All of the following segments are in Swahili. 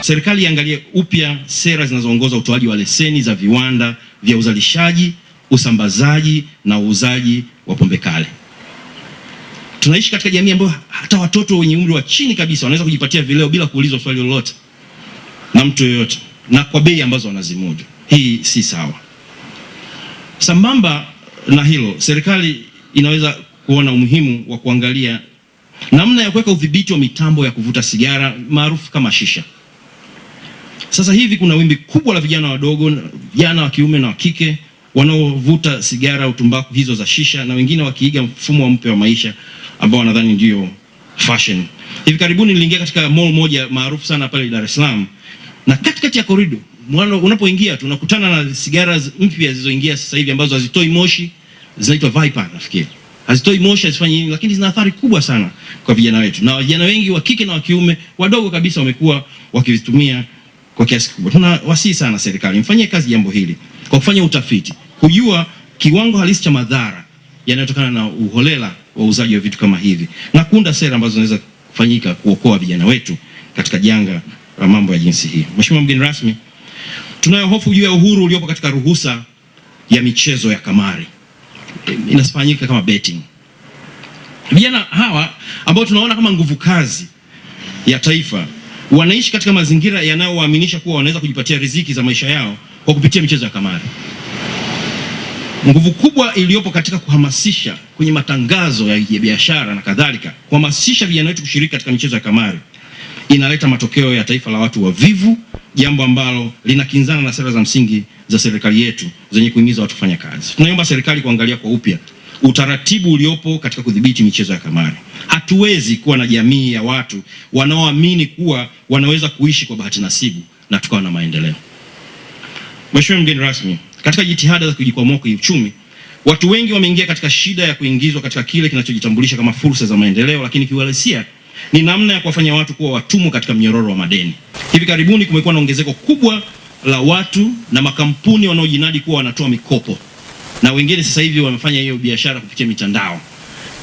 Serikali iangalie upya sera zinazoongoza utoaji wa leseni za viwanda vya uzalishaji, usambazaji na uuzaji wa pombe kale. Tunaishi katika jamii ambayo hata watoto wenye umri wa chini kabisa wanaweza kujipatia vileo bila kuulizwa swali lolote na mtu yoyote na kwa bei ambazo wanazimudu. Hii si sawa. Sambamba na hilo, serikali inaweza kuona umuhimu wa kuangalia namna ya kuweka udhibiti wa mitambo ya kuvuta sigara maarufu kama shisha. Sasa hivi kuna wimbi kubwa la vijana wadogo, vijana wa kiume na wa kike wanaovuta sigara utumbaku hizo za shisha, na wengine wakiiga mfumo mpya wa maisha ambao wanadhani ndio fashion. Hivi karibuni niliingia katika mall moja maarufu sana pale Dar es Salaam, na katikati ya korido mwana unapoingia tu unakutana na sigara mpya zilizoingia sasa hivi ambazo hazitoi moshi, zinaitwa Viper nafikiri hazitoi moshi, hazifanyi nini, lakini zina athari kubwa sana kwa vijana wetu, na vijana wengi wa kike na wa kiume wadogo kabisa wamekuwa wakizitumia kwa kiasi kikubwa. Tunawasihi sana serikali mfanyie kazi jambo hili kwa kufanya utafiti, kujua kiwango halisi cha madhara yanayotokana na uholela wa uuzaji wa vitu kama hivi na kuunda sera ambazo zinaweza kufanyika kuokoa vijana wetu katika janga la mambo ya jinsi hii. Mheshimiwa mgeni rasmi, tunayo hofu juu ya uhuru uliopo katika ruhusa ya michezo ya kamari inafanyika kama betting. Vijana hawa ambao tunaona kama nguvu kazi ya taifa wanaishi katika mazingira yanayowaaminisha kuwa wanaweza kujipatia riziki za maisha yao kwa kupitia michezo ya kamari. Nguvu kubwa iliyopo katika kuhamasisha kwenye matangazo ya biashara na kadhalika, kuhamasisha vijana wetu kushiriki katika michezo ya kamari inaleta matokeo ya taifa la watu wavivu, jambo ambalo linakinzana na sera za msingi za serikali yetu zenye kuhimiza watu kufanya kazi. Tunaomba serikali kuangalia kwa upya utaratibu uliopo katika kudhibiti michezo ya kamari. Hatuwezi kuwa na jamii ya watu wanaoamini kuwa wanaweza kuishi kwa bahati nasibu na tukawa na maendeleo. Mheshimiwa mgeni rasmi, katika jitihada za kujikwamua kiuchumi, watu wengi wameingia katika shida ya kuingizwa katika kile kinachojitambulisha kama fursa za maendeleo, lakini kiuhalisia ni namna ya kuwafanya watu kuwa watumwa katika mnyororo wa madeni. Hivi karibuni kumekuwa na ongezeko kubwa la watu na makampuni wanaojinadi kuwa wanatoa mikopo na wengine sasa hivi wamefanya hiyo biashara kupitia mitandao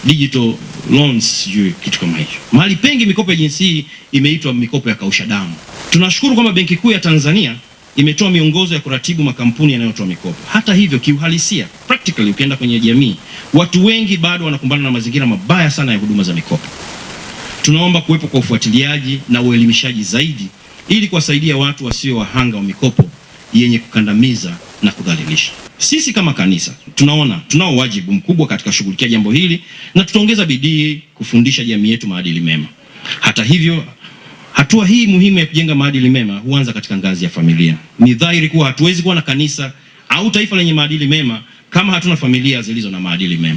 digital loans, sijui kitu kama hicho. Mahali pengi mikopo ya jinsi hii imeitwa mikopo ya kausha damu. Tunashukuru kwamba Benki Kuu ya Tanzania imetoa miongozo ya kuratibu makampuni yanayotoa mikopo. Hata hivyo, kiuhalisia, practically, ukienda kwenye jamii, watu wengi bado wanakumbana na mazingira mabaya sana ya huduma za mikopo. Tunaomba kuwepo kwa ufuatiliaji na uelimishaji zaidi ili kuwasaidia watu wasio wahanga wa mikopo yenye kukandamiza na kudhalilisha. Sisi kama kanisa tunaona tunao wajibu mkubwa katika kushughulikia jambo hili na tutaongeza bidii kufundisha jamii yetu maadili mema. Hata hivyo, hatua hii muhimu ya kujenga maadili mema huanza katika ngazi ya familia. Ni dhahiri kuwa hatuwezi kuwa na kanisa au taifa lenye maadili mema kama hatuna familia zilizo na maadili mema.